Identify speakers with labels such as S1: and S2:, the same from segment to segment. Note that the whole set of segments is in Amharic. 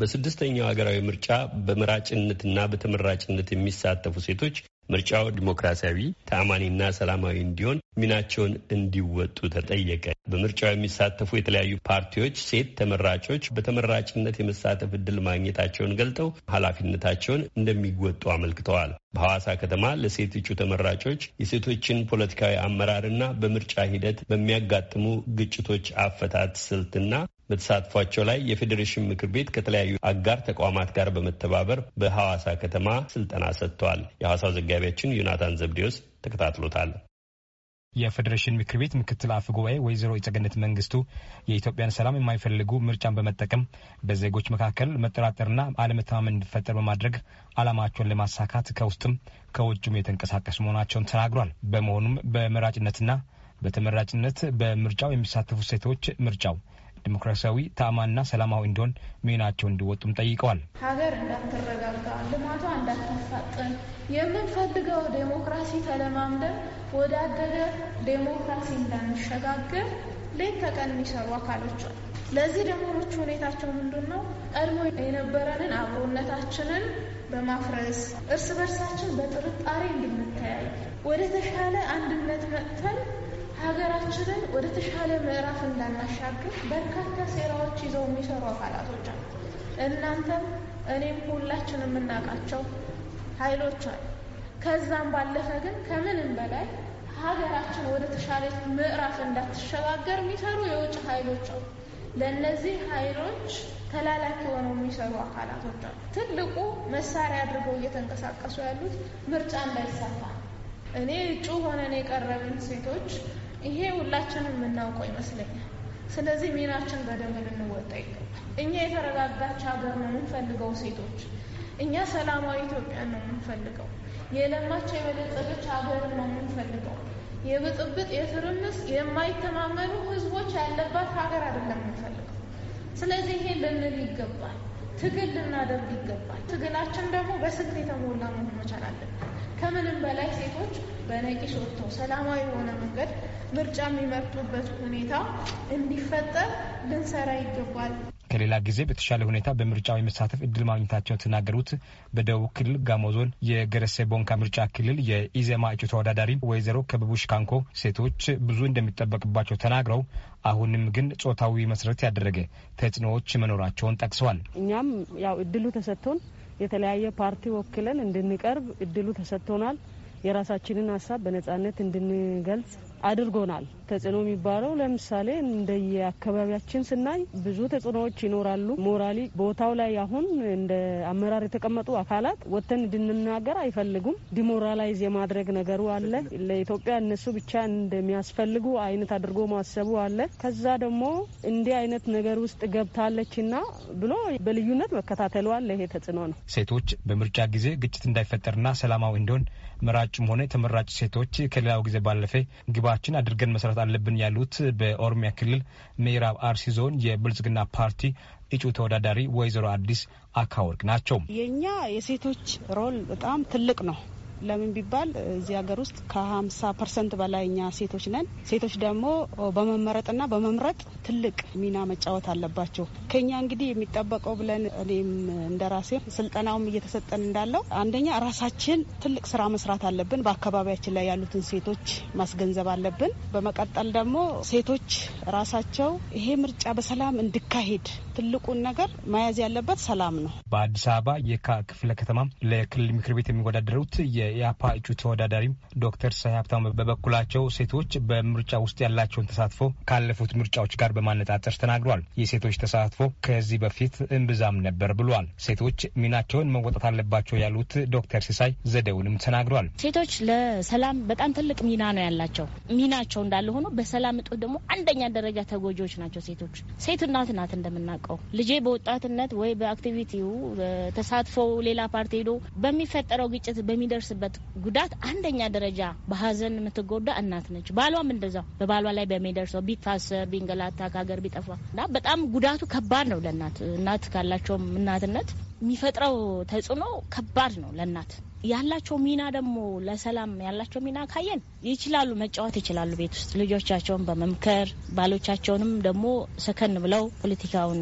S1: በስድስተኛው ሀገራዊ ምርጫ በመራጭነትና በተመራጭነት የሚሳተፉ ሴቶች ምርጫው ዲሞክራሲያዊ ተአማኒና ሰላማዊ እንዲሆን ሚናቸውን እንዲወጡ ተጠየቀ። በምርጫው የሚሳተፉ የተለያዩ ፓርቲዎች ሴት ተመራጮች በተመራጭነት የመሳተፍ እድል ማግኘታቸውን ገልጠው ኃላፊነታቸውን እንደሚወጡ አመልክተዋል። በሐዋሳ ከተማ ለሴት እጩ ተመራጮች የሴቶችን ፖለቲካዊ አመራርና በምርጫ ሂደት በሚያጋጥሙ ግጭቶች አፈታት ስልትና በተሳትፏቸው ላይ የፌዴሬሽን ምክር ቤት ከተለያዩ አጋር ተቋማት ጋር በመተባበር በሐዋሳ ከተማ ስልጠና ሰጥተዋል። የሐዋሳው ዘጋቢያችን ዮናታን ዘብዴዎስ ተከታትሎታል። የፌዴሬሽን ምክር ቤት ምክትል አፈ ጉባኤ ወይዘሮ የጸገነት መንግስቱ የኢትዮጵያን ሰላም የማይፈልጉ ምርጫን በመጠቀም በዜጎች መካከል መጠራጠርና አለመተማመን እንዲፈጠር በማድረግ አላማቸውን ለማሳካት ከውስጥም ከውጭም የተንቀሳቀሱ መሆናቸውን ተናግሯል። በመሆኑም በመራጭነትና በተመራጭነት በምርጫው የሚሳተፉ ሴቶች ምርጫው ዲሞክራሲያዊ፣ ታማና ሰላማዊ እንዲሆን ሚናቸው እንዲወጡም ጠይቀዋል።
S2: ሀገር እንዳትረጋጋ፣ ልማቷ እንዳትፋጠን የምንፈልገው ዴሞክራሲ ተለማምደን ወዳደገ ዴሞክራሲ እንዳንሸጋገር ሌት ተቀን የሚሰሩ አካሎች አሉ። ለዚህ ደግሞ ሁኔታቸው ምንድን ነው? ቀድሞ የነበረንን አብሮነታችንን በማፍረስ እርስ በርሳችን በጥርጣሬ እንድንተያይ ወደ ተሻለ አንድነት መጥተን ሀገራችንን ወደ ተሻለ ምዕራፍ እንዳናሻግር በርካታ ሴራዎች ይዘው የሚሰሩ አካላቶች አሉ። እናንተም እኔም ሁላችን የምናውቃቸው ኃይሎች አሉ። ከዛም ባለፈ ግን ከምንም በላይ ሀገራችን ወደ ተሻለ ምዕራፍ እንዳትሸጋገር የሚሰሩ የውጭ ኃይሎች አሉ። ለእነዚህ ኃይሎች ተላላኪ ሆነው የሚሰሩ አካላቶች አሉ። ትልቁ መሳሪያ አድርገው እየተንቀሳቀሱ ያሉት ምርጫ እንዳይሳካ እኔ እጩ ሆነን የቀረብን ሴቶች ይሄ ሁላችንም የምናውቀው ይመስለኛል። ስለዚህ ሚናችን በደንብ ልንወጣ ይገባል። እኛ የተረጋጋች ሀገር ነው የምንፈልገው ሴቶች። እኛ ሰላማዊ ኢትዮጵያን ነው የምንፈልገው። የለማች የበለጸገች ሀገርን ነው የምንፈልገው። የብጥብጥ፣ የትርምስ፣ የማይተማመኑ ህዝቦች ያለባት ሀገር አይደለም የምንፈልገው። ስለዚህ ይሄ ልንል ይገባል። ትግል ልናደርግ ይገባል። ትግላችን ደግሞ በስልት የተሞላ መሆን መቻል አለብን። ከምንም በላይ ሴቶች በነቂስ ወጥተው ሰላማዊ የሆነ መንገድ ምርጫ የሚመርጡበት ሁኔታ እንዲፈጠር ልንሰራ ይገባል።
S1: ከሌላ ጊዜ በተሻለ ሁኔታ በምርጫው የመሳተፍ እድል ማግኘታቸውን ተናገሩት። በደቡብ ክልል ጋሞ ዞን የገረሴ ቦንካ ምርጫ ክልል የኢዜማ እጩ ተወዳዳሪ ወይዘሮ ከብቡሽ ካንኮ ሴቶች ብዙ እንደሚጠበቅባቸው ተናግረው አሁንም ግን ጾታዊ መሰረት ያደረገ ተጽዕኖዎች መኖራቸውን ጠቅሰዋል።
S2: እኛም ያው እድሉ ተሰጥቶን የተለያየ ፓርቲ ወክለን እንድንቀርብ እድሉ ተሰጥቶናል። የራሳችንን ሀሳብ በነጻነት እንድንገልጽ አድርጎናል። ተጽዕኖ የሚባለው ለምሳሌ እንደየ አካባቢያችን ስናይ ብዙ ተጽዕኖዎች ይኖራሉ። ሞራሊ ቦታው ላይ አሁን እንደ አመራር የተቀመጡ አካላት ወጥተን እንድንናገር አይፈልጉም። ዲሞራላይዝ የማድረግ ነገሩ አለ። ለኢትዮጵያ እነሱ ብቻ እንደሚያስፈልጉ አይነት አድርጎ ማሰቡ አለ። ከዛ ደግሞ እንዲህ አይነት ነገር ውስጥ ገብታለችና ብሎ በልዩነት መከታተሉ አለ። ይሄ ተጽዕኖ ነው።
S1: ሴቶች በምርጫ ጊዜ ግጭት እንዳይፈጠርና ሰላማዊ እንዲሆን መራጭም ሆነ ተመራጭ ሴቶች ከሌላው ጊዜ ባለፈ ግባችን አድርገን መሰረት መስራት አለብን ያሉት በኦሮሚያ ክልል ምዕራብ አርሲ ዞን የብልጽግና ፓርቲ እጩ ተወዳዳሪ ወይዘሮ አዲስ አካወርቅ ናቸው።
S3: የእኛ የሴቶች ሮል በጣም ትልቅ ነው። ለምን ቢባል እዚህ ሀገር ውስጥ ከ50 ፐርሰንት በላይ እኛ ሴቶች ነን። ሴቶች ደግሞ በመመረጥና በመምረጥ ትልቅ ሚና መጫወት አለባቸው። ከኛ እንግዲህ የሚጠበቀው ብለን እኔም እንደ ራሴ ስልጠናውም እየተሰጠን እንዳለው አንደኛ ራሳችን ትልቅ ስራ መስራት አለብን። በአካባቢያችን ላይ ያሉትን ሴቶች ማስገንዘብ አለብን። በመቀጠል ደግሞ ሴቶች ራሳቸው ይሄ ምርጫ በሰላም እንዲካሄድ ትልቁን ነገር መያዝ ያለበት ሰላም ነው።
S1: በአዲስ አበባ የካ ክፍለ ከተማ ለክልል ምክር ቤት የሚወዳደሩት የ የአፓ እጩ ተወዳዳሪም ዶክተር ሳይ ሀብታሙ በበኩላቸው ሴቶች በምርጫ ውስጥ ያላቸውን ተሳትፎ ካለፉት ምርጫዎች ጋር በማነጣጠር ተናግሯል። የሴቶች ተሳትፎ ከዚህ በፊት እምብዛም ነበር ብሏል። ሴቶች ሚናቸውን መወጣት አለባቸው ያሉት ዶክተር ሲሳይ ዘዴውንም ተናግሯል።
S3: ሴቶች ለሰላም በጣም ትልቅ ሚና ነው ያላቸው። ሚናቸው እንዳለ ሆኖ በሰላም እጦት ደግሞ አንደኛ ደረጃ ተጎጂዎች ናቸው ሴቶች። ሴት እናት ናት እንደምናውቀው። ልጄ በወጣትነት ወይ በአክቲቪቲው ተሳትፎ ሌላ ፓርቲ ሄዶ በሚፈጠረው ግጭት በሚደርስ በደረሰበት ጉዳት አንደኛ ደረጃ በሀዘን የምትጎዳ እናት ነች። ባሏም እንደዛው በባሏ ላይ በሚደርሰው ቢታሰር፣ ቢንገላታ፣ ከሀገር ቢጠፋ እና በጣም ጉዳቱ ከባድ ነው ለእናት እናት ካላቸውም እናትነት የሚፈጥረው ተጽዕኖ ከባድ ነው ለእናት ያላቸው ሚና ደግሞ ለሰላም ያላቸው ሚና ካየን ይችላሉ፣ መጫወት ይችላሉ። ቤት ውስጥ ልጆቻቸውን በመምከር ባሎቻቸውንም ደግሞ ሰከን ብለው ፖለቲካውን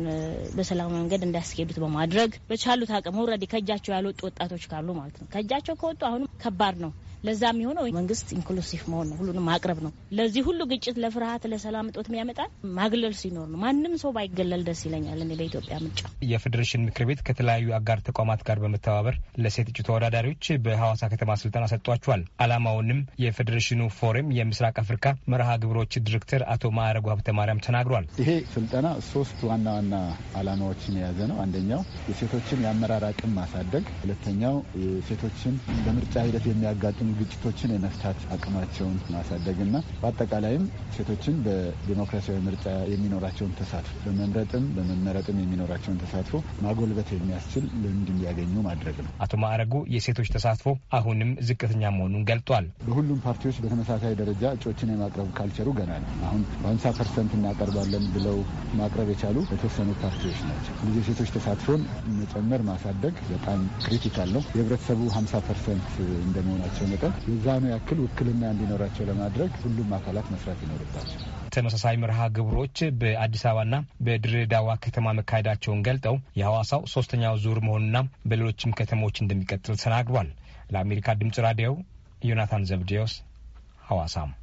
S3: በሰላም መንገድ እንዲያስኬዱት በማድረግ በቻሉት አቅም ወረድ ከእጃቸው ያልወጡ ወጣቶች ካሉ ማለት ነው። ከእጃቸው ከወጡ አሁንም ከባድ ነው። ለዛ የሚሆነው መንግስት ኢንክሉሲቭ መሆን ነው፣ ሁሉንም ማቅረብ ነው። ለዚህ ሁሉ ግጭት፣ ለፍርሃት፣ ለሰላም እጦት የሚያመጣን ማግለል ሲኖር ነው። ማንም ሰው ባይገለል ደስ ይለኛል እኔ በኢትዮጵያ ምርጫ።
S1: የፌዴሬሽን ምክር ቤት ከተለያዩ አጋር ተቋማት ጋር በመተባበር ለሴት እጩ ተወዳዳሪዎች በሐዋሳ ከተማ ስልጠና ሰጥቷቸዋል። ዓላማውንም የፌዴሬሽኑ ፎረም የምስራቅ አፍሪካ መርሃ ግብሮች ዲሬክተር አቶ ማዕረጉ ሀብተማርያም ተናግሯል።
S3: ይሄ ስልጠና ሶስት ዋና ዋና ዓላማዎችን የያዘ ነው። አንደኛው የሴቶችን የአመራር አቅም ማሳደግ፣ ሁለተኛው የሴቶችን በምርጫ ሂደት የሚያጋጥሙ ግጭቶችን የመፍታት አቅማቸውን ማሳደግ እና በአጠቃላይም ሴቶችን በዲሞክራሲያዊ ምርጫ የሚኖራቸውን ተሳትፎ በመምረጥም በመመረጥም የሚኖራቸውን ተሳትፎ
S1: ማጎልበት የሚያስችል ልምድ እንዲያገኙ ማድረግ ነው። አቶ ማዕረጉ የሴቶች ተሳትፎ አሁንም ዝቅተኛ መሆኑን ገልጧል።
S3: በሁሉም ፓርቲዎች በተመሳሳይ ደረጃ እጩዎችን የማቅረብ ካልቸሩ ገና ነው። አሁን በሀምሳ ፐርሰንት እናቀርባለን ብለው ማቅረብ የቻሉ የተወሰኑ ፓርቲዎች ናቸው። ልጅ ሴቶች ተሳትፎን መጨመር ማሳደግ በጣም ክሪቲካል ነው። የህብረተሰቡ ሀምሳ ፐርሰንት እንደመሆናቸው መጠን የዛኑ ያክል ውክልና እንዲኖራቸው ለማድረግ ሁሉም አካላት መስራት ይኖርባቸው
S1: ተመሳሳይ መርሃ ግብሮች በአዲስ አበባና በድሬዳዋ ከተማ መካሄዳቸውን ገልጠው የሐዋሳው ሶስተኛው ዙር መሆኑና በሌሎችም ከተሞች እንደሚቀጥል ተናግሯል። ለአሜሪካ ድምጽ ራዲዮ ዮናታን ዘብዴዎስ ሐዋሳም